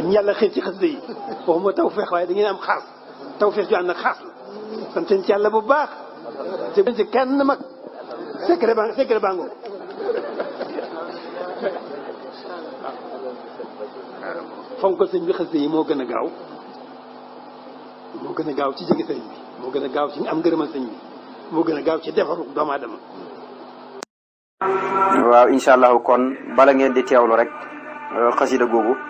yéen yàlla xëy ci xasida yi waxuma tawféex waaye da ngeen am xaas tawféex ju am nag xaas la santeen ci yàlla bu baax te ci kenn mag secret ba secret baa sëñ bi xasida yi moo gën a gaaw moo gën a gaaw ci jege sëñ bi moo gën a gaaw ci am ngërëmal sëñ bi moo gën a gaaw ci defaru doomu aadama waaw incha allahu kon bala ngeen di teewlu rek xasida googu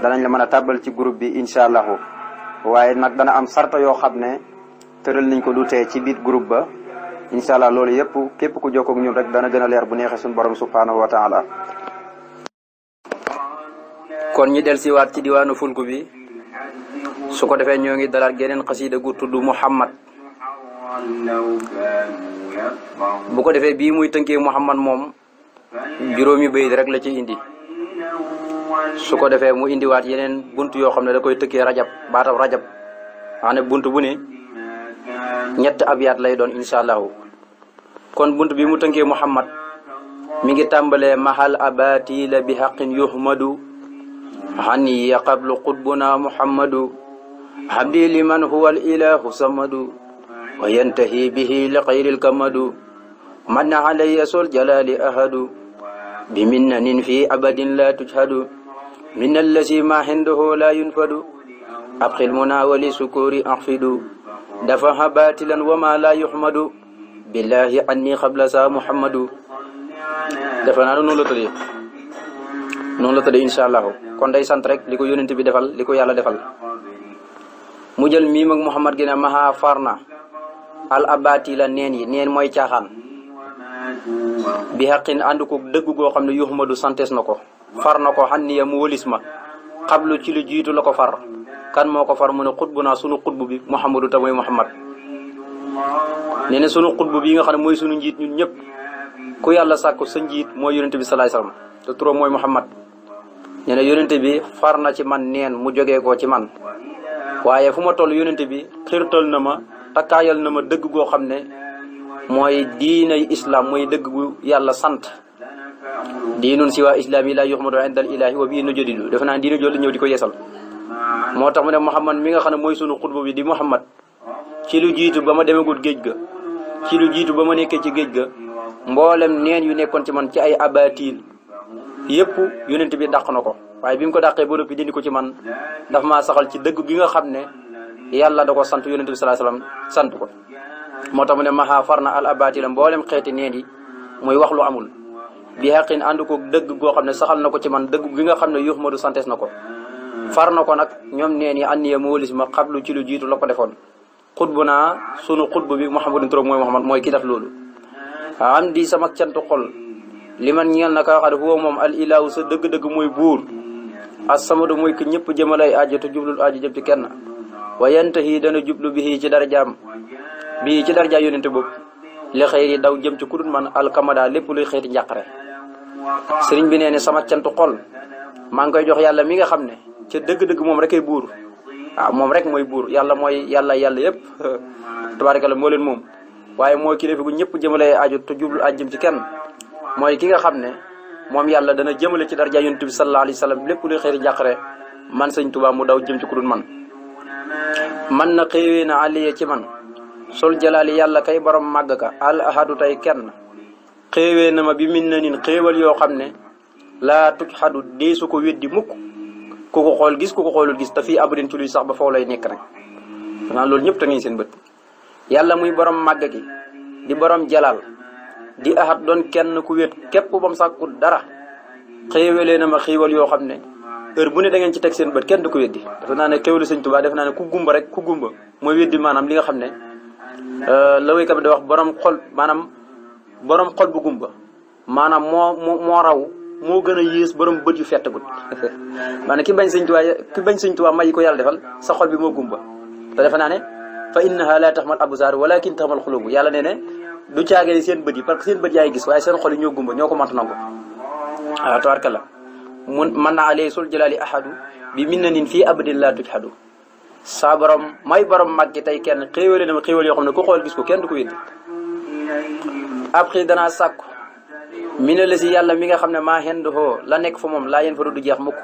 danañ la mën a tàbbal ci groupe bi incha allahu waaye nag dana am sarta yoo xam ne tëral nañ ko du tee ci biir groupe ba incha allah loolu yëpp képp ku jokkoog ñun rek dana gën a leer bu neexee suñu borom subhaanahu wa taala kon ñi del siwaat ci diwaanu fulku bi su ko defee ñoo ngi dalaat geneen xasiida gu tudd Muhammad bu ko defee bii muy tënkee Muhammad moom juróomi bayit rek la ci indi su ko defee mu indiwaat yeneen bunt yoo xam ne da koy tëkkee rajab baatab rajab xam ne bunt bu ne ñett abyaat lay doon incha allahu kon bunt bi mu tënkee muhammad mi ngi tàmbalee mahal abati la bi xaqin yuhmadu xani ya qablu qutbuna muhammadu hamdi liman huwa al ilahu samadu wa yantahi bihi li xayril kamadu man alayya sol jalali ahadu bi minnanin fi abadin la min allazi ma hindahu la yunfadu abxil muna wali sukuuri axfidu dafa ha baatilan wa ma la yuxmadu billahi anni xabla sa muhammadu dafa naa noonu la tëddee noonu allahu kon day sant rek li ko yónent bi defal li ko yàlla defal mu jël miim ak muhammad gi farna al abati la neen yi neen mooy caaxaan bi xaqin ànd ko dëgg goo xam ne yuxmadu santees na ko far na ko xanniya mu wëlis ma xablu ci lu jiitu la ko far kan moo ko far mu ne xutbu naa sunu xutbu bi Muhammadu te mooy Muhammad nee na sunu xutbu bi nga xam ne mooy sunu njiit ñun ñëpp ku yàlla sàkku sa njiit mooy yonente bi salaay salaam te turam mooy Muhammad nee na yonente bi far na ci man neen mu joge ko ci man waaye fu ma toll yonente bi xirtal na ma takkaayal na ma dëgg goo xam ne mooy diinay islaam mooy dëgg gu yàlla sant diinun siwa islaami la yuxmadu inda al-ilaahi wa bii nu jadidu defe naa diine jooju ñëw di ko yeesal moo tax mu ne Muhammad mi nga xam ne mooy sunu xutba bi di Muhammad ci lu jiitu ba ma demagul géej ga ci lu jiitu ba ma nekkee ci géej ga mboolem neen yu nekkoon ci man ci ay abatil yëpp yonent bi dàq na ko waaye bi mu ko dàqee ba noppi dindi ko ci man daf maa saxal ci dëgg gi nga xam ne yàlla da ko sant yonent bi sallallahu alayhi sant ko moo tax mu ne maha far na al abatil mboolem xeeti neen yi muy wax lu amul bi xaqin ànd ko dëgg goo xam ne saxal na ko ci man dëgg gi nga xam ne yuxmadu santees na ko far na ko nag ñoom nee ni anniye moolis ma xablu ci lu jiitu la ko defoon xutbu naa sunu xutbu bi Muhammadun turam mooy Muhammad mooy ki def loolu am di sama cantu xol li man ñeel na ka xad huwa moom al ilaahu sa dëgg-dëgg mooy buur assamadu mooy ki ñëpp jëmalay aajo te jublul aajo jëm ci kenn wa yantahi dana jublu bi ci darajaam bi ci darajaam yonente boobu li daw jëm ci kudut man alkamada lépp luy xeeti njàqare sëriñ bi nee ne sama cantu xol maa ngi koy jox yàlla mi nga xam ne ca dëgg-dëgg moom rek ay buur ah, moom rek mooy buur yàlla mooy yàlla yàlla yëpp tabaarikalla moo leen moom waaye mooy kilifa gu ñëpp jëmale aju te jublu aj kenn mooy ki nga xam ne moom yàlla dana jëmale ci darja yonent bi sallallahu alayhi lépp luy xëyri jàqare man sëñ Tuubaa mu daw jëm ci ku dul man man na xéewee na aliye ci yàlla kay borom màgg ka al ahadu tey kenn xéewee na ma bi min na nin xéewal yoo xam ne laa tukk xadu deesu ko weddi mukk ku ko xool gis ku ko xoolul gis te fii abadin sax ba foofu lay nekk rek xanaa loolu ñëpp tamit seen bët yàlla muy borom màgg gi di borom jalal di axat doon kenn ku wét képp ba mu sàkku dara xéewalee na ma xéewal yoo xam ne heure bu ne da ngeen ci teg seen bët kenn du ko weddi dafa naa ne xéewalu sëñ Tuubaa def naa ne ku gumba rek ku gumba mooy weddi maanaam li nga xam ne euh, la wéykat bi da wax borom xol maanaam borom xol bu gumba maanaam moo moo raw moo gën a yées borom bët yu fettagut maanaam ki bañ sëñ Tuubaa ki bañ sëñ Tuubaa may ko yàlla defal sa xol bi moo gumba te defe naa ne tax innaha abusaar taxmal absaar tax taxmal xulubu yàlla nee ne du caagee seen bët yi parce que seen bët yaay gis waaye seen xol yi ñoo gumba ñoo ko mant nangu waaw tabarkalla mun man naa alee sul jalaali ahadu bi min na nin fii abadillah tujhadu saa borom may borom màggi tey kenn xéewale na ma xéewal xool gis ko kenn du ko après danaa sàkku mi ne la si yàlla mi nga xam ne maa xend xoo la nekk fa moom laa yéen fa du jeex mukk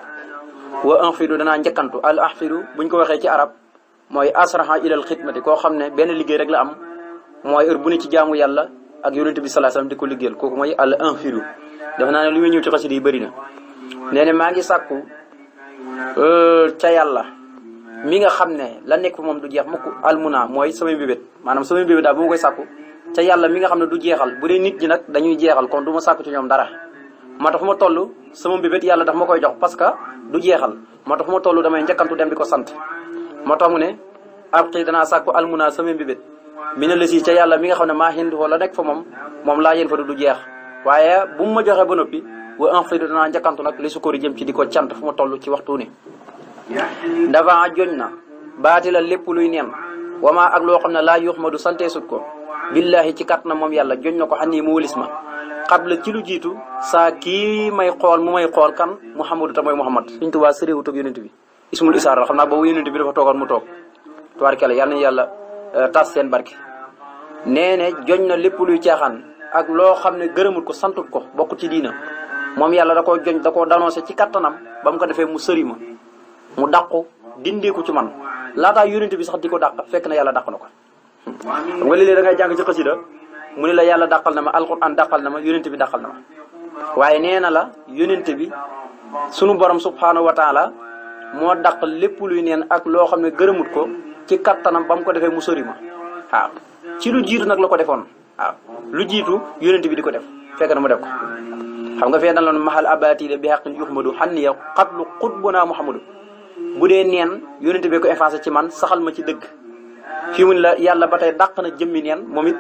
wa anfidu danaa njëkkantu al anfidu buñ ko waxee ci arab mooy asraha ilal xidmati koo xam ne benn liggéey rek la am mooy heure bu ne ci jaamu yàlla ak yonente bi salaa salaam di ko liggéeyal kooku mooy al anfidu dafa naa ne lu muy ñëw ci xasida yi bëri na nee ne maa ngi sàkku euh, ca yàlla mi nga xam ne la nekk fa moom du jeex mukk almuna mooy samay mbébét maanaam samay mbébét daal bu ma koy sàkku ca yàlla mi nga xam ne du jeexal bu dee nit ñi nag dañuy jeexal kon du ma sàkku ci ñoom dara moo tax fu ma toll sama mbébét yàlla daf ma koy jox parce que du jeexal moo tax fu damay njëkkantu dem di ko sant moo tax mu ne ab danaa sàkku almuna sama mbébét mi ne la si ca yàlla mi nga xam ne maa hind wala nekk fa moom moom laa yéen fa du jeex waaye bu mu ma joxee ba noppi wa en fait danaa njëkkantu nag li jëm ci di ko cant fu ma toll ci waxtu ne joñ na baati la lépp luy neen wama ak loo xam ne laa yuux ma du santee sut ko billaahi ci kat na moom yàlla joñ na ko xan nii mu wëlis ma xabla ci lu jiitu saa kii may xool mu may xool kan Muhammadu ta mooy Muhammad Sëriñ Tuubaa sëréewut ak yonent bi ismul isaar la xam naa boobu yonent bi dafa toogoon mu toog tubaarkalla yàlla euh, seen barke nee ne joñ na lépp luy caaxaan ak loo xam ne gërëmut ko santut ko bokk ci diina moom yàlla da koo joñ da koo danoncé ci kattanam ba mu ko defee mu sëri ma mu dàqu dindeeku ci man laataa yonent bi sax di ko dàq fekk na yàlla dàq na ko xam nga léeg-léeg da ngay jàng ci xasida mu ne la yàlla dàqal na ma alquran dàqal na ma yónente bi dàqal na ma waaye nee na la yónente bi sunu borom subhaanahu wa taala moo dàq lépp luy neen ak loo xam ne gërëmut ko ci kattanam ba mu ko defee mu sori ma waaw ci lu jiitu nag la ko defoon waaw lu jiitu bi di ko def fekk na mu def ko xam nga fee na loon mahal abatile bi xaqin yuxmadu xanniya xatlu xutbuna muhammadu bu dee neen yónente bi ko effacé ci man saxal ma ci dëgg fii mu la yàlla ba tey dàq na jëmmi neen moom it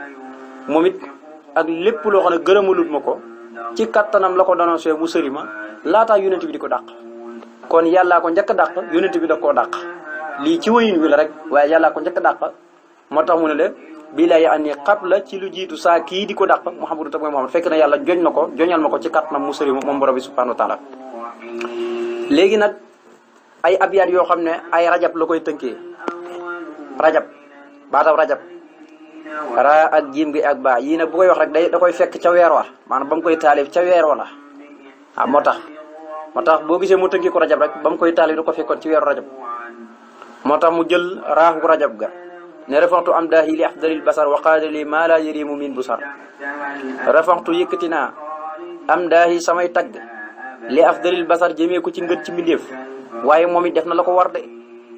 moom it ak lépp loo xam ne gërëmalut ma ko ci kattanam la ko dénoncé mu sëri ma laataa yonent bi di ko daq kon yàllaa ko njëkk daq dàq yonent bi da koo dàq lii ci wëyin wi la rek waaye yàllaa ko njëkk daq moo tax mu ne la bii lay andi xab la ci lu jiitu saa kii di ko daq dàq Muhammadu ta mooy Muhammad fekk na yàlla joñ na ko joñal ma ko ci kattanam mu sëri ma moom borom bi subhanahu wa léegi nag ay abyaat yoo xam ne ay rajab la koy tënkee baatab rajab raa ak jiim gi ak baa yii nag bu koy wax rek day da koy fekk ca weer wa maana ba koy taalif ca weer wa la ah moo tax moo tax boo gisee mu tënki ko rajab rek ba koy taalif da ko fekkoon ci weeru rajab moo tax mu jël raaxu rajab ga ne rafantu am daahi li afdalil basar wa maa laa yërimu min busar rafantu yëkkati naa am daahi samay tagg li afdalil basar jëmee ko ci ngën ci mbindéef waaye moom it def na la ko war de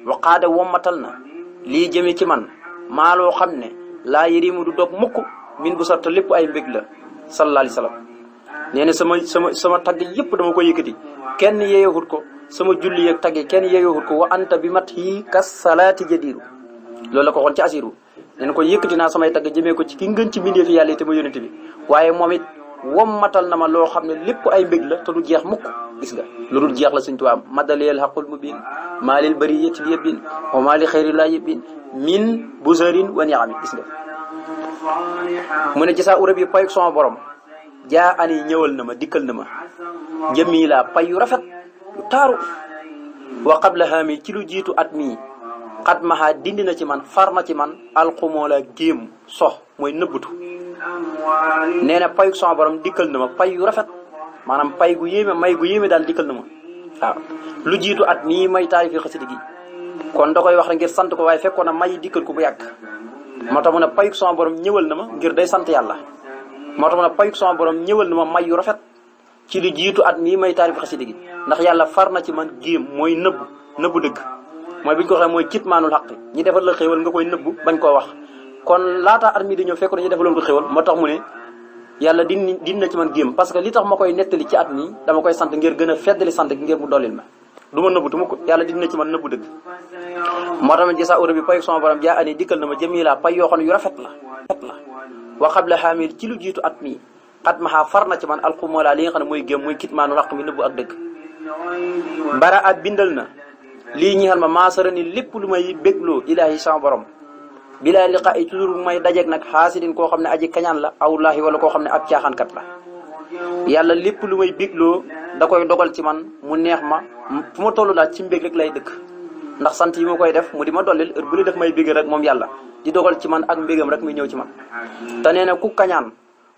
wa qaada wommatal na lii jëmee ci man maa loo xam ne laa yërimu du dog mukk min bu sarta lépp ay mbég la sallallahu alayhi wasallam nee na sama sama sama tagg yëpp dama ko yëkkati kenn yeeyooxut ko sama julli yeeg tagge kenn yeeyooxut ko wa anta bi mat yii kas salaati jadiiru loolu ko xoon ci asiru nee ko yëkkati naa samay tagg jëmee ko ci ki ngën ci mbindeefi yàlla te ma yónente bi waaye moom it matal na ma loo xam ne lépp ay mbég la te du jeex mukk gis nga lu dul jeex la suñ tubaab madaleel xaqul mubin maa lil bariyati bi yëbbin wa maa li xayri laa yëbbin min busarin wa niami gis nga mu ne jasaa urab yi payuk sama borom jaa ani ñëwal na ma dikkal na ma jëmii laa yu rafet yu taaru wa qabla haami ci lu jiitu at mii xat mahaa dindi na ci man far na ci man alxumoo la so sox mooy nëbbutu nee na payuk sama borom dikkal na ma pay yu rafet maanaam pay gu yéeme may gu yéeme daal dikkal na ma waaw lu jiitu at mii may taarifil xasida gi kon da koy wax rek ngir sant ko waaye fekkoon na may dikkal ko bu yàgg moo tax mu ne payuk sama borom ñëwal na ma ngir day sant yàlla moo tax mu ne payuk ñëwal na ma may yu rafet ci lu jiitu at mii may taarif xasida ndax yàlla far na ci man géem mooy nëbb nëbbu dëgg mooy bi ñu ko waxee mooy kitmaanul xaq ñi defal la xéewal nga koy nëbbu bañ koo wax kon laata at mii di ñëw fekkoon ñu defaloon ko xéewal moo tax mu ne yàlla din din na ci man géem parce que li tax ma koy nettali ci at mi dama koy sant ngir gën a feddali sant ngir mu dollil ma du ma nëbbu tu ma ko yàlla na ci man nëbbu dëgg moo tax ma gisa ura bi payu sama borom jaa ani na ma jëmii laa pay yoo xam ne yu rafet la rafet ci lu jiitu at mi xat maxaa far na ci man laa li nga xam ne mooy géem mooy kitmaanu raq mi nëbbu ak dëgg bara at bindal na lii ñi xel ma maasara ni lépp lu may bégloo ilaahi sama borom bilaa liqa ay toujours bu may dajeeg nag xaasidin koo xam ne aji kañaan la awullaahi wala ko xam ne ab caaxaankat la yàlla lépp lu may big loo da koy dogal ci man mu neex ma fu ma toll daal ci mbég rek lay dëkk ndax sant yi ma koy def mu di ma dollil heure bu ne def may bégg rek moom yàlla di dogal ci man ak mbégam rek muy ñëw ci man te nee na ku kañaan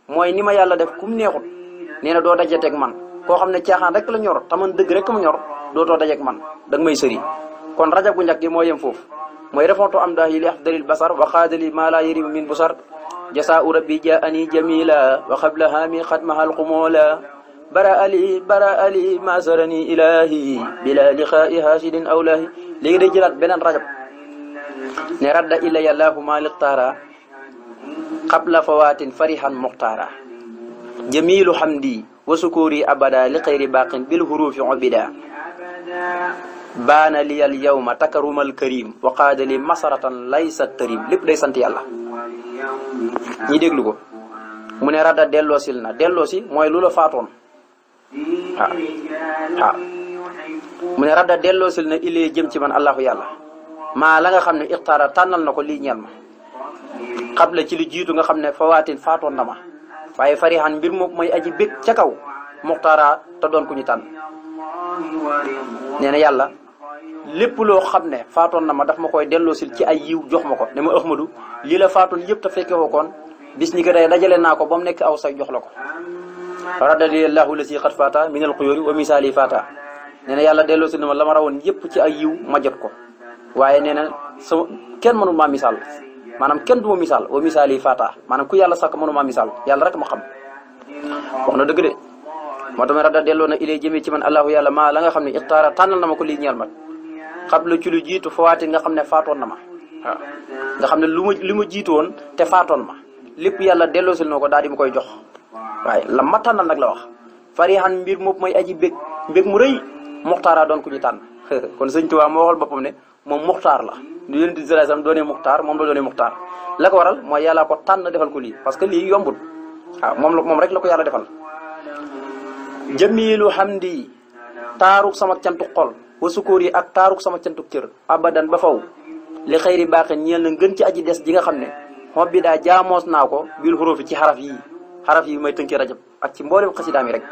mooy ni ma yàlla def kum neexut nee na doo dajeteeg man koo xam ne caaxaan rek la ñor te man dëgg rek mu ñor dootoo dajeeg man da may sëri kon mooy refonto am dah yi li afdalil basar wa xaadali maa laa yëribu min busar jasaau rabbi jaani jamila wa xablaha min xatmaha alqumoola bara ali bara ali masarani ilahi bila liqaai hasidin awlahi léegi day jëlaat beneen rajab ne radda ilaya laahu maliqtaara qabla fawatin farihan muxtaara jamilu hamdi wa sukuri abada li xayri baqin bil hurufi obida baana liyal yawma takarumal karim wa qaada li lay sat tarim lépp day sant yàlla ñi déglu ko mu ne radda delloosil na delloosi mooy lu la faatoon ah. Ah. mu ne radda delloosil na ilee jëm ci man allahu yàlla maa la nga xam ne ixtaara tànnal na ko lii ñeel ma xabla ci li jiitu nga xam ne fawaatin faatoon na ma waaye farixaan mbir moom mooy aji bég ca kaw muxtaara doon ku ñu tànn nee na yàlla lépp loo xam ne faatoon na ma daf ma koy delloosil ci ay yiw jox ma ko ne ma Ahmadu lii la faatoon yëpp te fekke wo koon bis ni ko day naa ko ba mu nekk aw say jox la ko radalillahu la si xat fata min al xuyóori wa misaali fata nee na yàlla delloosil na ma la ma rawoon yëpp ci ay yiw ma jot ko waaye nee na sama kenn mënu maa misaal maanaam kenn du ma misaal wa misaali faata maanaam ku yàlla sàkk mënu maa misaal yàlla rek ma xam wax na dëgg de moo tax ma radda delloo na ilay jëmee ci man allahu yàlla maa la nga xam ne ixtaara tànnal na ma ko lii ñeel ma ci lu jiitu fawaati nga xam ne faatoon na ma waaw nga ne lu ma li ma jiitu woon te faatoon ma lépp yàlla delloosil na ko daal di ma koy jox waaye la ma tànnal nag la wax farixan mbir moom mooy aji bég mbég mu rëy muxtaara doon ku ñu tànn kon sëñ Tuubaa moo waxal boppam ne moom muxtaar la lu yonent bi sallallahu alayhi muxtaar moom la doonee muxtaar la ko waral mooy yàlla ko tànn defal ko lii parce que lii yombul waaw moom moom rek la ko yàlla defal jamiilu di taaru sama cantu xol wa sukóor yi ak taaru sama cantu cër abadan ba faw li xëyri baaxe ñeel na ngën ci aji des ji nga xam ne xob bi daa jaamoos naa ko bil xuróofi ci xaraf yi xaraf yi may tënkee rajab ak ci mboolem xasidaam yi rek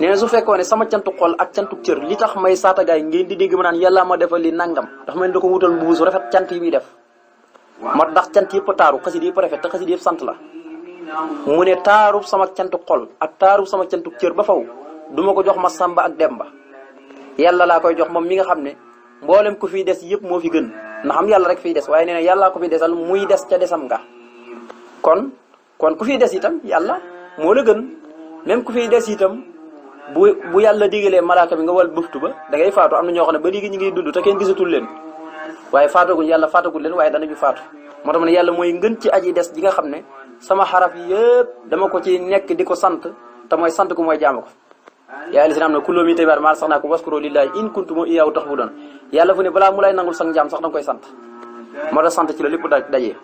nee su fekkoo ne sama cantu xol ak cantu cër li tax may saatagaay ngeen di dégg ma naan yàlla ma defal li nangam dafa mel ni da ko wutal mbuusu rafet cant yi muy def moo tax cant yëpp taaru xasid yëpp rafet te sant la mu ne taarub sama cantu xol ak taaru sama cantu cër ba faw du ko jox ma sàmba ak demba yàlla laa koy jox moom mi nga xam ne mboolem ku fi des yëpp moo fi gën ndax am yàlla rek fiy des waaye nee na yàllaa ko fi desal muy des ca desam nga kon kon ku fi des itam yàlla moo la gën même ku fiy des itam bu bu yàlla digalee malaaka bi nga wal bëftu ba da ngay faatu am na ñoo xam ne ba léegi ñu ngi dund te kenn gisatul leen waaye faataguñ yàlla faatagul leen waaye danañu faatu moo tax mooy ngën ci aji des ji nga xam ne sama xarab yëpp dama ko ci nekk di ko sant te mooy sant ko mooy jaamu ko yaa alisina na kulloo mi tabar maa sax naa ko waskuro lillahi in kuntum iyaahu bu doon yàlla fu ne balaa mu lay nangul sax njaam koy sant moo tax sant ci la lépp da dajee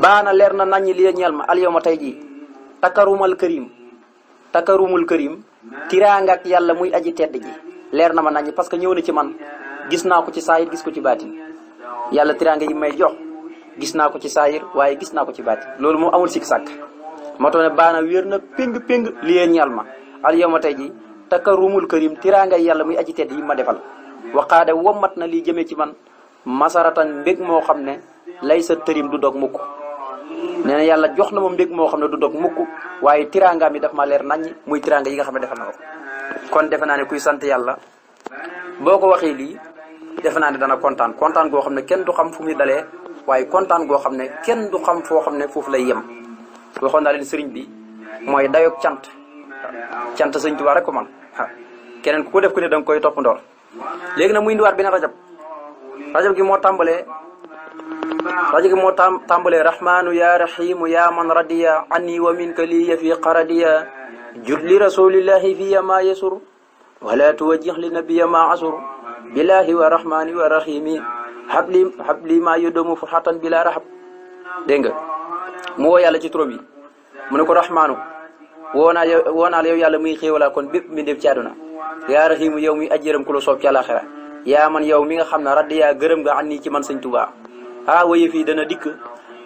baana leer na naññi li ñeel ma al yow ma tey jii takkarumal karim takkarumul karim tiraangak yàlla muy aji tedd ji leer na ma naññi parce que ñëw na ci man gis naa ko ci saayit gis ko ci baatin yàlla tiraanga yi may jox gis naa ko ci saayir waaye gis naa ko ci bàtti loolu moom amul sikk sàkk moo tax ne na péng li yéen ma al yow ma tey ji takarumul karim tiraanga yàlla muy aji tedd yi ma defal waxaade wommat na lii jëmee ci man masaratan mbég moo xam ne lay sa tërim du dog mukk nee yàlla jox na ma mbég moo xam ne du dog mukk waaye tiraangaam yi daf ma leer naññ muy tiraanga yi nga xam ne defal na ko kon defe naa ne kuy sant yàlla boo ko waxee lii defe naa ne dana kontaan kontaan goo xam ne kenn du xam fu muy dalee waaye kontaan goo xam ne kenn du xam foo xam ne foofu lay yem waxoon naa leen bi mooy dayo cant cant sëriñ Tuubaa ko man keneen ku ko def ku ne da koy topp ndoor léegi nag muy indiwaat beneen rajab rajab gi moo tàmbalee rajab gi moo tàmbalee rahmaanu ya rahimu ya man radiya anni wa minka liya fi qaradiya julli rasulillahi fiya ma yasur wala tuwajjih li nabiya ma asur billahi wa rahmani wa rahimi xab li xab li maa yóddoomu furxatan bi laa raxab dégg nga mu woo yàlla ci trop bi mu ne ko raxmaanu woo naa woo naa yow yàlla muy xéewalaa kon bépp mi dem ci àdduna yaa yow muy ajjëram ku la soob ci àlaxira yaa man yow mi nga xam ne raddi yaa gërëm nga an nii ci man sëñ Tuubaa ah waye fii dana dikk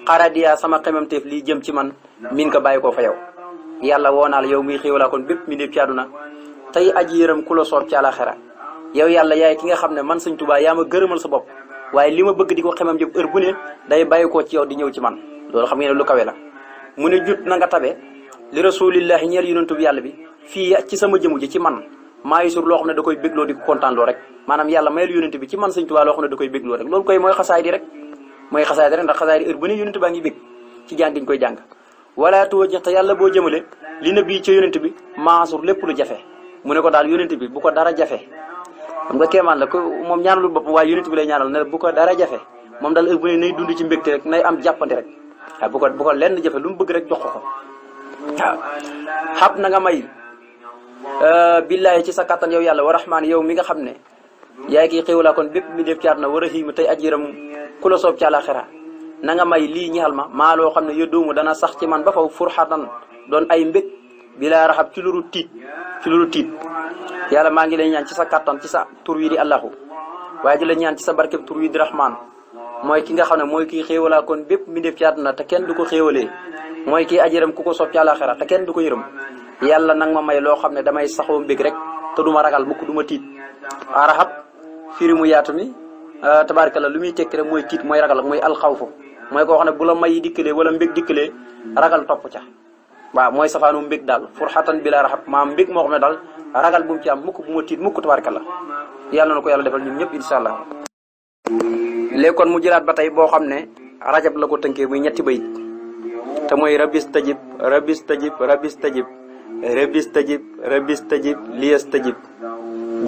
xaradiyaa sama xemamteef lii jëm ci man min ko bàyyi koo fa yow yàlla woo naa yow muy xéewalaa kon bépp mi dem ci àdduna tey aj yërëm ku la soob ci àlaxira yow yàlla yaay ki nga xam ne man sëñ Tuubaa yaa ma gërëmal sa bopp waaye li ma bëgg di ko xemam jëf heure bu ci yow di ñëw ci man loolu xam ngeen ne lu kawe la mu ne jut na nga tabe li rasulillahi ñeel yonentu bi yàlla bi fii ci sama jëmu ji ci man maa ngi sur loo xam ne da koy bégloo di ko kontaanloo rek yàlla mayal yonent bi ci man sëñ Tuubaa loo xam ne koy bégloo rek loolu koy mooy xasaay di rek mooy xasaay di rek ndax xasaay di heure bu ngi bég ci jaan diñ koy jàng wala tuwajjih te yàlla boo jëmale li nabi ci yonent bi maasur lépp lu jafe mu ne ko daal yonent bi bu ko dara jafe xam nga kéemaan la ko moom ñaanalul boppam waaye yonent bi lay ñaanal ne bu ko dara jafe moom daal heure bu nay dund ci mbégte rek nay am jàppante rek waaw bu ko ko lenn jafe lu mu bëgg rek jox ko ko waaw xab na nga may euh, billaahi ci sa kattan yow yàlla wa rahmaan yow mi nga xam ne yaay kii xéwalaa kon bépp mi def ci àdduna war a xiimu tey ajiram ku la soob ci na nga may lii ñaxal ma maa loo xam ne yëddoomu dana sax ci man ba faw furxatan doon ay mbég bilaa raxab yàlla maa ngi lay ñaan ci sa kattan ci sa tur wi di allahu waaye di ñaan ci sa barkeb tur wi di rahman mooy ki nga xam ne mooy kii xéewalaa kon bépp mbindeef ci àdduna te kenn du ko xéewalee mooy kii ajiram ku ko soob ci àlaxira te kenn du ko yërëm yàlla nag ma may loo xam ne damay saxoo mbég rek te du ragal mukk du ma tiit arahab firi mu yaatu mi ah, tabaarkalla lu muy tekki rek mooy tiit mooy ragal mooy alxawfu mooy ko xam ne bu la may dikkalee wala mbég dikkalee ragal topp ca waaw mooy safaanu mbég daal furxatan bila raxab maam mbég moo xam ne daal ragal bu mu ci am mukk bu ma tiit mukk tabaarkalla yàlla na ko yàlla defal ñun ñëpp incha allah léegi kon mu jëlaat ba tey boo xam ne rajab la ko tënkee muy ñetti bayit te mooy rabis tajib rabis tajib rabis tajib rabis tajib rabis tajib liyas tajib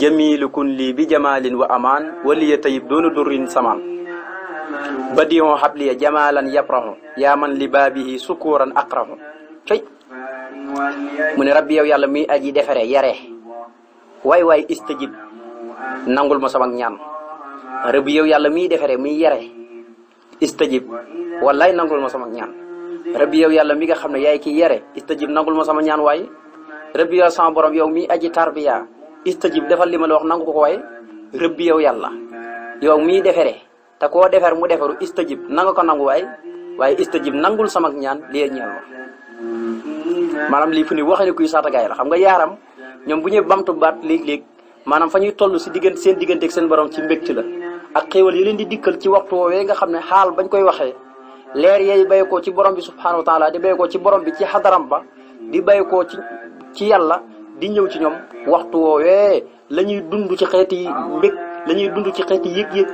jamiilu kun lii bi wa amaan waliya tayib doona durrin samaan badiyon xabliya jamaalan yaprahu yaa man li baabihi sukuuran akrahu tëj mu ne rabbi yow yàlla muy aji defaree yaree waay waay istajib nangul ma sama ñaan rabbi yow yàlla muy defaree muy yaree istajib wallaay nangul ma sama ñaan rabbi yow yàlla mi nga xam ne yaay ki yare istajib nangul ma sama ñaan waaye rabbi sama borom yow mi aji tarbiya istajib defal li ma la wax nangu ko waaye rabbi yow yàlla yow mii deferee te koo defer mu deferu istajib nanga ko nangu waaye waaye istajib nangul sama ñaan li ñeel maanaam lii fu ni waxee ne kuy saatagaay la xam nga yaaram ñoom bu ñuy bamtu baat léeg-léeg maanaam fa ñuy toll si diggante seen digganteeg seen borom ci mbégte la ak xéewal yi leen di dikkal ci waxtu woowee nga xam ne xaal bañ koy waxee leer yay bay ci borom bi subhaanahu wa taala di bay ko ci borom bi ci xadaram ba di bay ko ci ci yàlla di ñëw ci ñoom waxtu woowee la ñuy dund ci xeeti mbég la ñuy dund ci xeeti yëg-yëg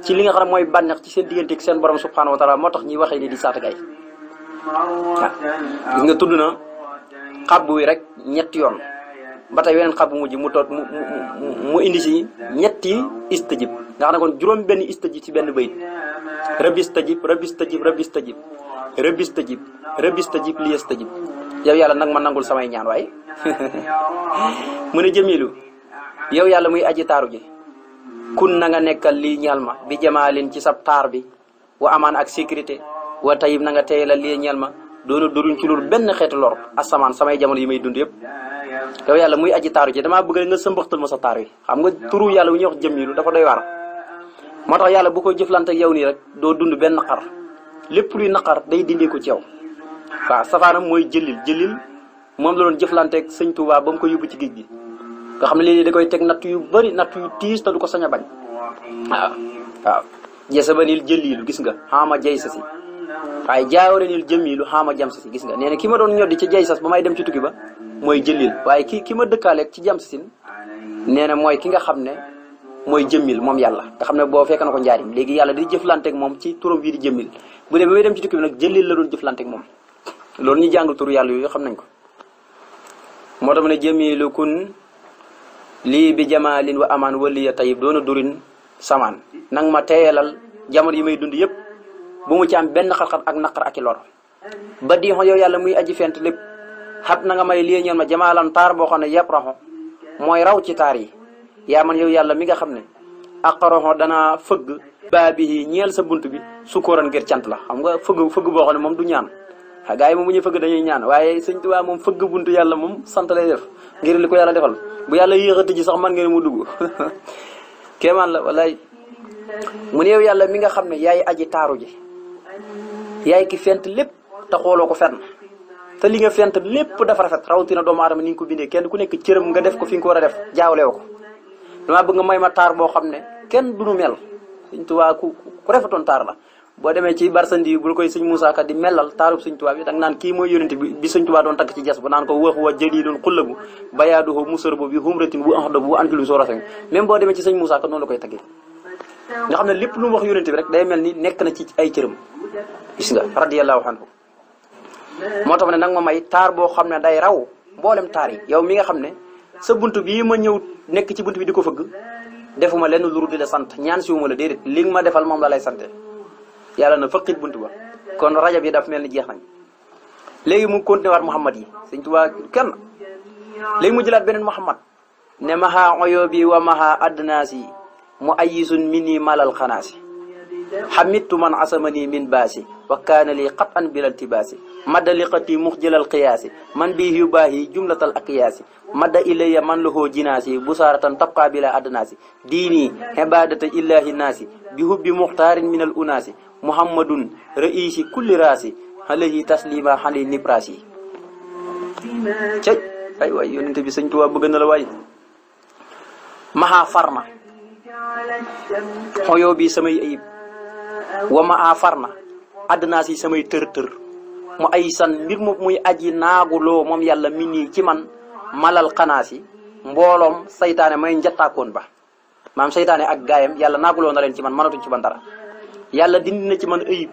ci li nga xam ne mooy bànneex ci seen digganteeg seen borom subhaanahu wa taala moo tax gis nga tudd na xab wi rek ñetti yoon ba tey weneen xab mu ji mu mu indi si ñetti istajib nga xam ne kon juróom benn istajib si benn bayit rabistajib rabistajib rabistajib rabistajib rabistajib liyastajib yow yàlla nag ma nangul samay ñaan waaye mu ne jëmilu yow yàlla muy aji taaru ji kun na nga nekkal lii ñal ma bi jamaalin ci sab taar bi wa amaan ak sécurité wa tayib na nga la lii ñeel ma doona duruñ ci loolu benn xeetu a asamaan samay jamono yi may dund yëpp yow yàlla muy aji taaru ci damaa bëgg rek nga sëmbaxtal ma sa taar yi xam nga turu yàlla wu ñuy wax jëmmilu dafa doy waar moo tax yàlla bu ko jëflante ak yow nii rek doo dund benn naqar lépp luy naqar day dindee ci yow waaw safaanam mooy jëlil jëlil moom la doon jëflanteeg sëñ Touba ba mu ko yóbbu ci géej gi nga xam ne léegi da koy teg natt yu bëri natt yu tiis du ko sañ a bañ waaw waaw jësa gis nga xama sa waaye jaawale nil jëm yi lu xaama jam si gis nga nee na ki ma doon ñoddi ci jay sas ba may dem ci tukki ba mooy jëlil waaye ki ki ma dëkkaaleeg ci jam sin nee na mooy ki nga xam ne mooy jëmmil moom yàlla nga xam ne boo fekkee na ko njaarim léegi yàlla di jëflanteeg moom ci turam di jëmmil bu dee ba may bi nag jëlil la doon jëflanteeg moom loolu ñu jàng yàlla yooyu xam nañ ko moo tax ma ne jëmilu kun lii bi jamaalin wa amaan waliya tayib doona durin samaan nang ma teeyalal jamono yi may dund yëpp bu mu benn xar ak naqar ak ba diixo yow yàlla muy aji fent lépp xat na nga may lii ñeen ma jamaalan taar boo xam ne yëpp raxo mooy raw ci taar yi yaa man yow yàlla mi nga xam ne aqaroxo danaa fëgg baa bi ñeel sa bunt bi sukooran ngir cant la xam nga fëgg fëgg boo xam ne moom du ñaan a yi moom bu fëgg dañuy ñaan waaye sëñ Tuubaa moom fëgg buntu yàlla moom sant lay ngir li ko yàlla defal bu yàlla yéexati ji sax man ngeen mu dugg kéemaan la wallaay mu ne yow yàlla mi nga xam ne yaay aji taaru ji yaay ki fent lépp te xooloo ko fenn te li nga fent lépp dafa rafet rawatina doomu aadama ni nga ko bindee kenn ku nekk cëram nga def ko fi nga ko war a def jaawlew ko xam ne kenn du nu mel Sëñ Tuubaa ku ku rafetoon taar la boo demee ci barsandi bul koy sëñ Moussa Ka di melal taarub sëñ Tuubaa bi danga naan kii mooy yonente bi bi sëñ Tuubaa doon takk ci jas bu naan ko wax wa jëliilun xullabu bayaaduhu musarbu bi humratin bu ahdabu bu antilum soo rasen même boo demee ci sëñ Moussa Ka noonu la koy taggee nga xam ne lépp lu mu wax yonente bi rek day mel ni nekk na ci ay cëram gis nga radiyallahu anhu moo tax ma ne nag ma may taar boo xam ne day raw mboolem taar yi yow mi nga xam ne sa buntu bii ma ñëw nekk ci buntu bi di ko fëgg defuma leen lu di la sant ñaan siwuma la déedéet li nga ma defal moom la lay sante yàlla na fëqit bunt ba kon rajab yi daf mel ni jeex nañ léegi mu continué waat Muhammad yi sëñ Tuubaa kenn léegi mu jëlaat beneen Muhammad ne maha oyo bi wa maha adnaasi mu ayisun mini malal xanaasi xamittu man asamani min baasi wa kaana lii xat an madda liqati muxjilal qiyaasi man bii yubaahi jumlatal akiyaasi madda ilayya man lahoo jinaasi busaaratan tabqaa bila adnaasi diini ibadata illahi naasi bi hubbi muxtaarin min al muhammadun raisi kulli raasi alayhi taslima xali nipraasi cëj ay waay yonente bi sëñ Tuubaa bëgg mahaa farma xoyoo samay ayib wa ma a far na si samay tër-tër mu ay mbir mu muy aji naaguloo moom yàlla mi nii ci man malal xanaa si mbooloom saytaane may njattaakoon ba maam saytaane ak gaayam yàlla naaguloo na leen ci man mënatuñ ci man dara yàlla dindi na ci man ayib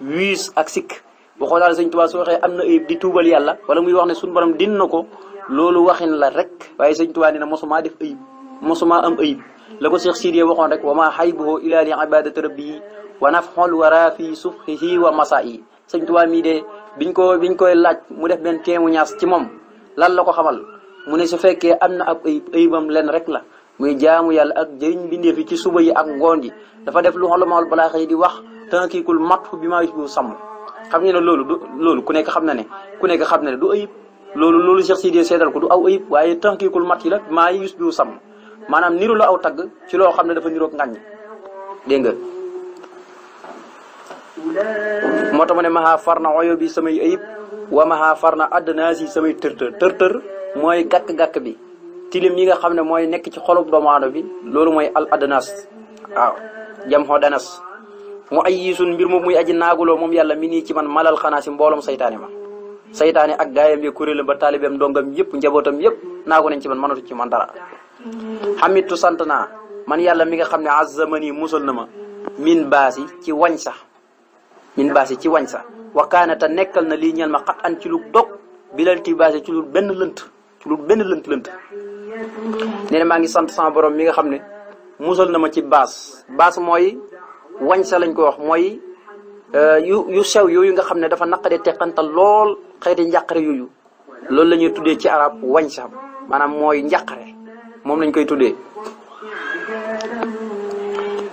wiis ak sikk bu xoolaale sëñ Tuubaa su waxee am na ayib di tuubal yàlla wala muy wax ne suñu borom din na ko loolu waxin la rek waaye sëñ Tuubaa nee na mosumaa def ayib mosumaa am ayib la ko Cheikh Sidiye waxoon rek wa maa xaybuhu ilaa li ibadati waraa nafxol wara fii subhihi wa masaa yi sëñ Tuubaa mii de biñ ko biñ koy laaj mu def benn ñaas ci moom lan la ko xamal mu ne su fekkee am na ab ayib ayibam leen rek la muy jaamu yàlla ak jëriñ bindeef yi ci suba yi ak ngoon yi dafa def lu xol maol balaa xëy di wax tànkiikul mat bi maa bu sàmm xam ngeen ne loolu du loolu ku nekk xam na ne ku nekk xam na ne du ayib loolu loolu Cheikh Sidiye ko du aw ayib waaye tànkiikul mat yi la maa yus biu sam maanaam niru la aw tagg ci loo xam ne dafa niroog ngañ dégg nga moo tax ma ne maxaa far na bi samay ayib wa maxaa far na àddina si samay tërtër tërtër mooy gàkk-gàkk bi tilim yi nga xam ne mooy nekk ci xolub doomu bi loolu mooy al adnas waaw jam xoo danas mu ay yiisun mbir moom muy aji naaguloo moom yàlla mi nii ci man malal xanaa si mbooloom saytaane ma saytaane ak gaayam yi kuréelam ba taalibeem dongam yëpp njabootam yëpp naagu nañ ci man mënatu ci man dara xamitu sant naa man yàlla mi nga xam ne azzamani musal na ma min min baasi ci wañ sa wakaana te nekkal na lii ñeel ma xat an ci lu dog bilal ti baase ci lu benn lënt ci lu benn lënt lënt nee maa ngi sant sama borom mi nga xam ne musal na ma ci baas baas mooy wañ sa lañ ko wax mooy euh, yu sew yooyu nga xam ne dafa naqaree teqantal lool xeeti njàqare yooyu loolu lañuy tuddee ci arab wañ maanaam mooy njàqare moom lañ koy tuddee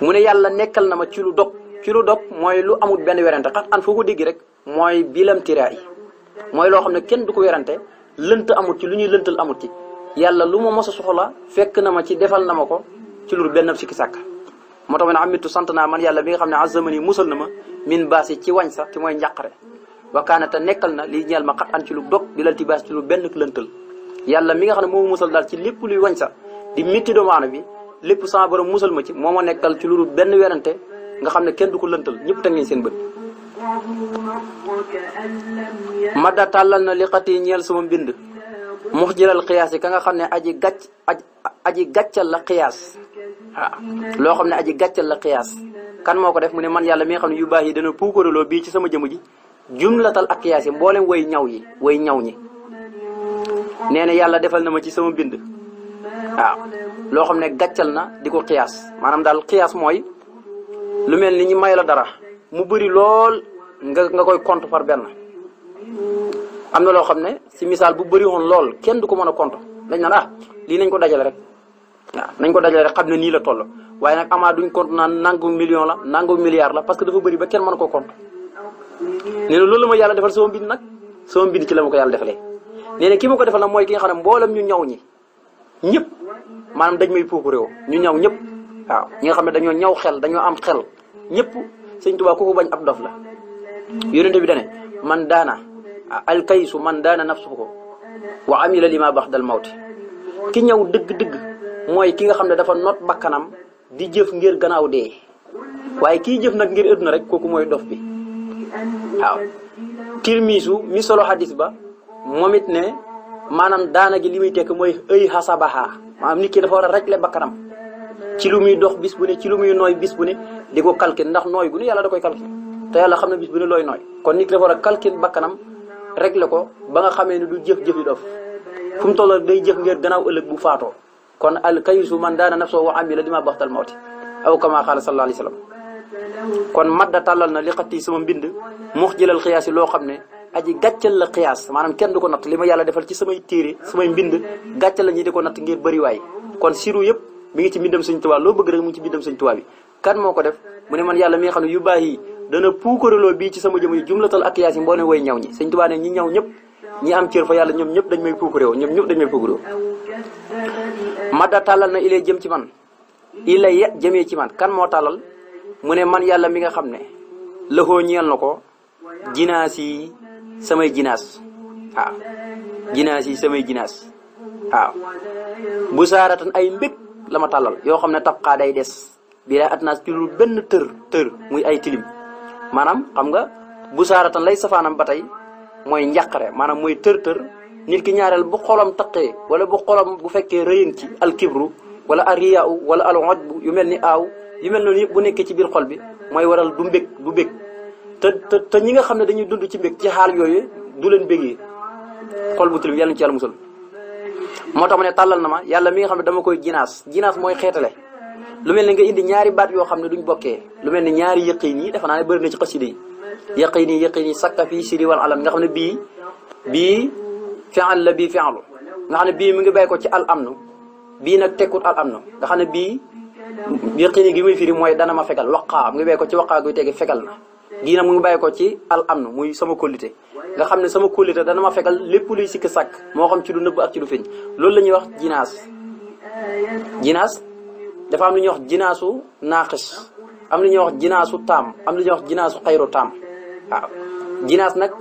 mu ne yàlla nekkal na ma ci lu dog ci lu dog mooy lu amul benn werante xat an foo ko dégg rek mooy bilam tiraa i mooy loo xam ne kenn du ko werante lënt amut ci lu ñuy lëntal amut ci yàlla lu ma mos a soxla fekk na ma ci defal na ma ko ci lu benn sikki sàkk moo tax ma ne amitu sant naa man yàlla bi nga xam ne azamani musal na ma min baasi ci wañ sax ci mooy njàqare wakaana te nekkal na li ñeel ma xat an ci lu dog di lal ti baas ci lu benn lëntal yàlla mi nga xam ne moo musal daal ci lépp luy wañ sax di métti doomu aadama bi lépp sama borom musal ma ci moo ma nekkal ci lu benn werante nga xam ne kenn du ko lëntal ñëpp teg nañ seen bët madda tàllal na li xati sama mbind mux jëlal xiyaas yi ka nga xam ne aji gàcc aji gàccal la xiyaas loo xam ne aji gàccal la xiyaas kan moo ko def mu ne man yàlla mi xam ne yu baax yi dana puukaraloo bii ci sama jëm ji jumlatal ak xiyaas yi mboolem woy ñaw yi way ñaw ñi nee yàlla defal na ma ci sama mbind waaw loo xam ne gàccal na di ko xiyaas maanaam daal xiyaas mooy lu mel ni ñu may la dara mu bëri lool nga koy compte par benn am na loo xam ne si misaal bu bëri woon lool kenn du ko mën a compte dañ naan ah lii nañ ko dajale rek waaw ko dajale xam ne nii la toll waaye nag duñ compte naan nangu million la nangu milliard la parce que dafa bëri ba kenn mën koo compte nee na loolu la ma yàlla defal sama mbind nag sama mbind ci la ma ko yàlla defalee nee na ki ma ko defal nag mooy ki nga xam ne mboolem ñu ñaw ñi ñëpp maanaam dañ may puuku réew ñu ñaw ñëpp waaw ñi nga xam ne dañoo ñaw xel dañoo am xel ñëpp sëñ Tuubaa ku ko bañ ab dof la yonente bi dane man daana alkaysu man daana nafsuhu wa amila lima baxdal mawti ki ñëw dëgg-dëgg mooy ki nga xam ne dafa not bakkanam di jëf ngir gannaaw dee waaye kii jëf nag ngir adduna rek kooku mooy dof bi waaw tirmisu mi solo xadis ba moom it ne maanaam daana gi li muy tekk mooy ëy xasabaha maanaam nit ki dafa war a régler bakkanam ci lu muy dox bis bu ne ci lu muy nooy bis bu ne di ko calculer ndax nooy gu ne yàlla da koy calculer te yàlla xam ne bis bu ne looy nooy kon nit ki dafa war a bakkanam rek la ko ba nga xamee ne du jëf-jëf yi dof fu mu toll day jëf ngir ganaaw ëllëg bu faatoo kon al kayisu man daana nafsoo wa amila lima baxtal mawti aw kama xaala sallallahu alayhi wasallam kon madda tàllal na li xatti sama mbind mux jëlal xiyaas yi loo xam ne aji gàccal la xiyaas maanaam kenn du ko natt li ma yàlla defal ci samay téere samay mbind gàccal la ñi di ko natt ngir bëriwaay kon siru yëpp mi ngi ci mbindam sëñ Tuubaa loo bëgg rek mu ngi ci mbindam sëñ Tuubaa bi kan moo ko def mu ne man yàlla mi nga xam ne yu baax yi dana puukaraloo bii ci sama jëmm yi jumlatal ak yaas yi mboo ne way ñaw tàllal na ilay jëm ci man ilay ya jëmee ci man kan moo tàllal mu ne man yàlla mi nga xam ne lëxoo ñeel na ko jinaas yi samay jinaas waaw jinaas yi samay jinaas ay mbég la ma tàllal yoo xam ne tabqaa day des bi lay atnaas ci lu benn tër tër muy ay tilim maanaam xam nga bu saaratan lay safaanam ba tey mooy njaqre maanaam mooy tër tër nit ki ñaareel bu xolam taqee wala bu xolam bu fekkee rëyin ci alkibru wala arriyaaw wala alxojbu yu mel ni aw yu mel noonu yëpp bu nekkee ci biir xol bi mooy waral du mbég du bég ñi nga xam ne dañuy dund ci mbég ci xaal yooyu du leen bégee xol bu tilim yàlla ci yàlla moo tax mu ne tàllal na ma yàlla mi nga xam ne dama koy jinaas jinaas mooy xeetale lu mel ne nga indi ñaari baat yoo xam ne duñ bokkee lu mel ne ñaari yëqiin yi defe naa ne bëri na ci xasida yi yëqiin yi yëqiin yi sakka fii siri wal alam nga xam ne bii bii fi'al la bii fi'alu nga xam ne bii mu ngi bàyyi ko ci al amnu bii nag tekkut al amnu nga xam ne bii yëqiin yi gi muy firi mooy dana ma fegal waqaa mi ngi bàyyi ko ci waqaa guy tege fegal na gii nag mu bàyyi ko ci al na muy sama kóllite nga xam ne sama kóllite dana ma fekkal lépp luy sikk sàkk moo xam ci du nëbb ak ci du feeñ loolu la ñuy wax jinaas jinaas dafa am lu ñuy wax jinaasu naaqis am lu ñuy wax jinaasu taam am lu ñuy wax jinaasu xayru taam waaw jinaas nag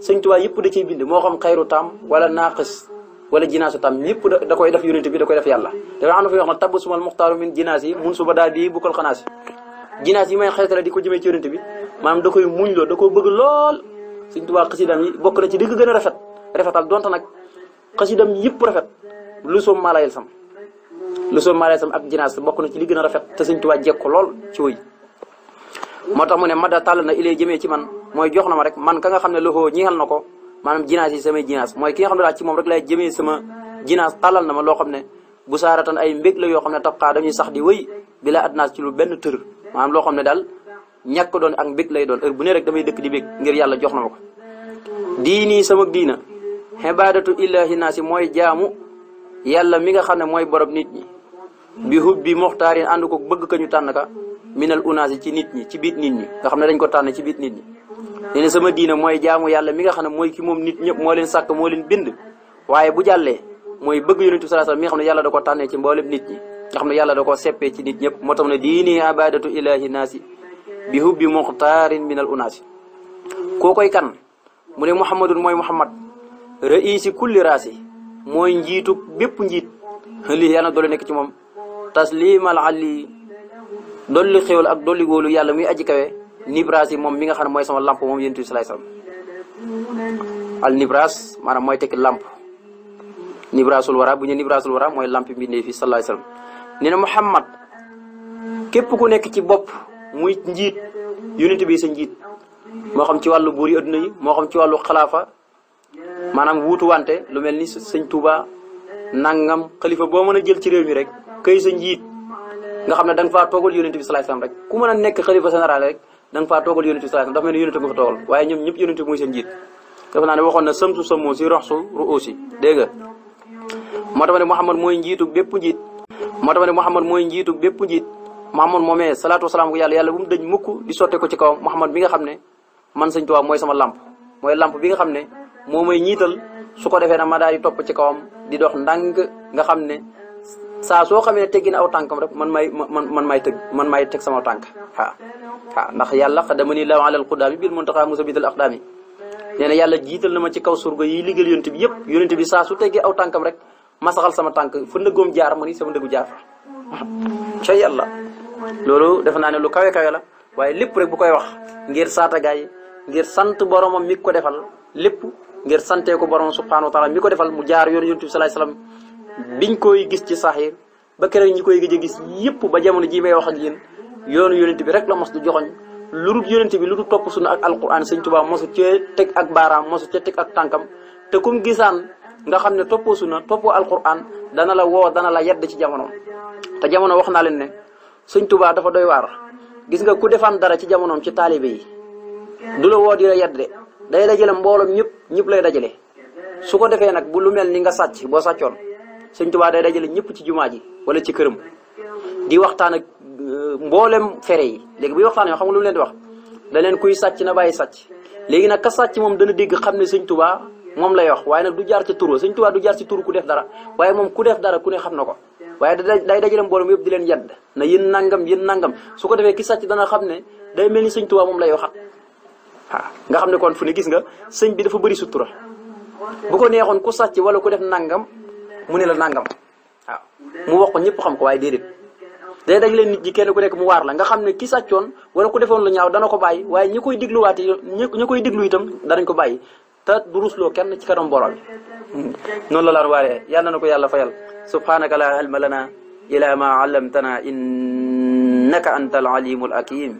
sëñ Tuubaa yëpp da ciy bind moo xam xayru taam wala wala jinaasu tam yëpp da koy def yonent bi da koy def yàlla dafa am na fi wax na tabb sumal muxtaaru min jinaas yi mun suba daal bii bukkal xanaas ginaas yi may xeetale di ko jëmee ci yonent bi maanaam da koy muñ lool da koo bëgg lool Sëñ Tuubaa xasidaam yi bokk na ci dëgg gën a rafet rafetal donte nag xasidaam yëpp rafet lu soom maalayel sam lu soom maalayel sam ak ginaas bokk na ci li gën a rafet te Sëñ Tuubaa jekk ko lool ci moo tax mu ne mada tàll na ilee jëmee ci man mooy jox na ma rek man ka nga xam ne loxoo ñeexal na ko maanaam ginaas yi samay ginaas mooy ki nga xam ne daal ci moom rek lay jëmee sama ginaas tàllal na ma loo ne bu saaratan ay mbég la yoo xam ne tabxaa dañuy sax di wéy bi la adnaas ci lu benn tër maanaam loo xam ne daal ñàkk doon ak bég lay doon heure bu ne rek damay dëkk di bég ngir yàlla jox na ma ko diini sama diina xibaadatu illahi naasi mooy jaamu yàlla mi nga xam ne mooy borom nit bi hub bi moxtaarin ànd ko bëgg ka ñu tànn ka minal unaasi ci nit ñi ci biit nit ñi nga xam ne dañ ko tànn ci biit nit ñi nee na sama mooy jaamu yàlla mi nga xam ne mooy ki moom nit ñëpp moo leen sàkk moo leen bind waaye bu jàllee mooy bëgg yonent bi sallallahu alayhi wasallam mi nga xam ne yàlla da ko tànnee ci mboolem nit ñi nga xam ne yàlla da koo ci nit ñëpp moo tax ne diini abadatu ilahi naasi bi muxtaarin min al unaasi koo koy kan mu ne muhammadun mooy muhammad raisi kulli raasi mooy njiitu bépp njiit lii yàlla doole nekk ci moom taslimal ali dolli xéwal ak dolli góolu yàlla muy aji kawe nibras moom mi nga xam ne mooy sama lamp moom yonent bi salaay salaam al nibras mooy tekki lamp nibrasul wara mbindee fi salaay salaam nee na Muhammad képp ku nekk ci bopp mu njiit yonent bi sa njiit moo xam ci wàllu buur yi adduna yi moo xam ci wàllu xalaafa maanaam wuutu wante lu mel ni sëñ Touba nangam xalifa boo mën a jël ci réew mi rek këy sa njiit nga xam ne da nga faa toogal yonent bi salaay salaam rek ku mën nekk xalifa général rek da nga faa toogal yonent bi salaay salaam dafa mel ni yonent nga fa waaye ñoom ñëpp yonent mooy seen njiit dafa naa ne waxoon na sëmtu sëmmoo si rox su ru aussi dégg mooy njiitu bépp njiit moo tax ma ne mooy njiitu bépp njiit Muhammad moomee salaatu wasalaam ko yàlla yàlla bu mu dëñ mukk di sotte ko ci kawam Muhammad bi nga xam ne man Sëñ Tuubaa mooy sama làmp mooy làmp bi nga xam ne moo may ñiital su ko defee na ma daal di topp ci kawam di dox ndànk nga xam ne saa soo xamee ne na tànkam rek man may man man may tëg man may teg sama tànk waaw waaw ndax yàlla xadama ni laaw alal qudaami bil muntaqa musabital aqdaami nee na yàlla jiital na ma ci kaw surga yi liggéey yonent bi yëpp yonent bi saa su teggee aw tànkam rek ma sama tànk fu ndëggoom jaar ma ni sama ndëggu jaar fa ca yàlla loolu defe naa ne lu kawe kawe la waaye lépp rek bu koy wax ngir saata gaay ngir sant boromam mi ko defal lépp ngir santee ko borom subhaanahu wa taala mi ko defal mu jaar yoon yonent bi salaay biñ koy gis ci saaxir ba keroog ñi koy gëj a gis yëpp ba jamono jii may wax a yéen yoonu yonent bi rek la mos du joxoñ lu dul bi lu dul topp sunu ak alquran sëñ Tuubaa mosu cee teg ak baaraam mosu cee ak tànkam nga xam ne toppoo sunna toppoo alquran dana la woo dana la yedd ci jamono te jamono wax na leen ne sëñ tubaa dafa doy waar gis nga ku defaan dara ci jamono ci taalibe yi du la woo di la yedd de day dajale mbooloom ñëpp ñëpp lay dajale su ko defee nag bu lu mel ni nga sàcc boo sàccoon sëñ Tuubaa day dajale ñëpp ci jumaa ji wala ci këram di waxtaan ak euh, mboolem fere yi léegi buy waxtaan yoo xam nga lu leen di wax da leen kuy sàcc na bàyyi sàcc léegi nag ka moom lay wax waaye nag du jaar ci turu sëñ Tuubaa du jaar ci turu ku def dara waaye moom ku def dara ku ne xam na ko waaye day dajale mbooloo yëpp di leen yedd na yéen nangam yéen nangam su ko defee ki sàcc dana xam ne day mel ni sëñ Tuubaa moom lay waxat waaw nga xam ne kon fu ne gis nga sëñ bi dafa bëri sutura bu ko neexoon ku sàcc wala ku def nangam mu ne la nangam waaw mu wax ko ñëpp xam ko waaye déedéet day daj leen nit ñi kenn ku nekk mu waar la nga xam ne ki sàccoon wala ku defoon lu ñaaw dana ko bàyyi waaye ñi koy digluwaat ñi koy diglu itam danañ ko bàyyi te durusloo kenn ci kanam borom noonu la laan waaree yàlla na ko yàlla fayal subhanaka la ilma lana ila ma allamtana innaka anta al alimul hakim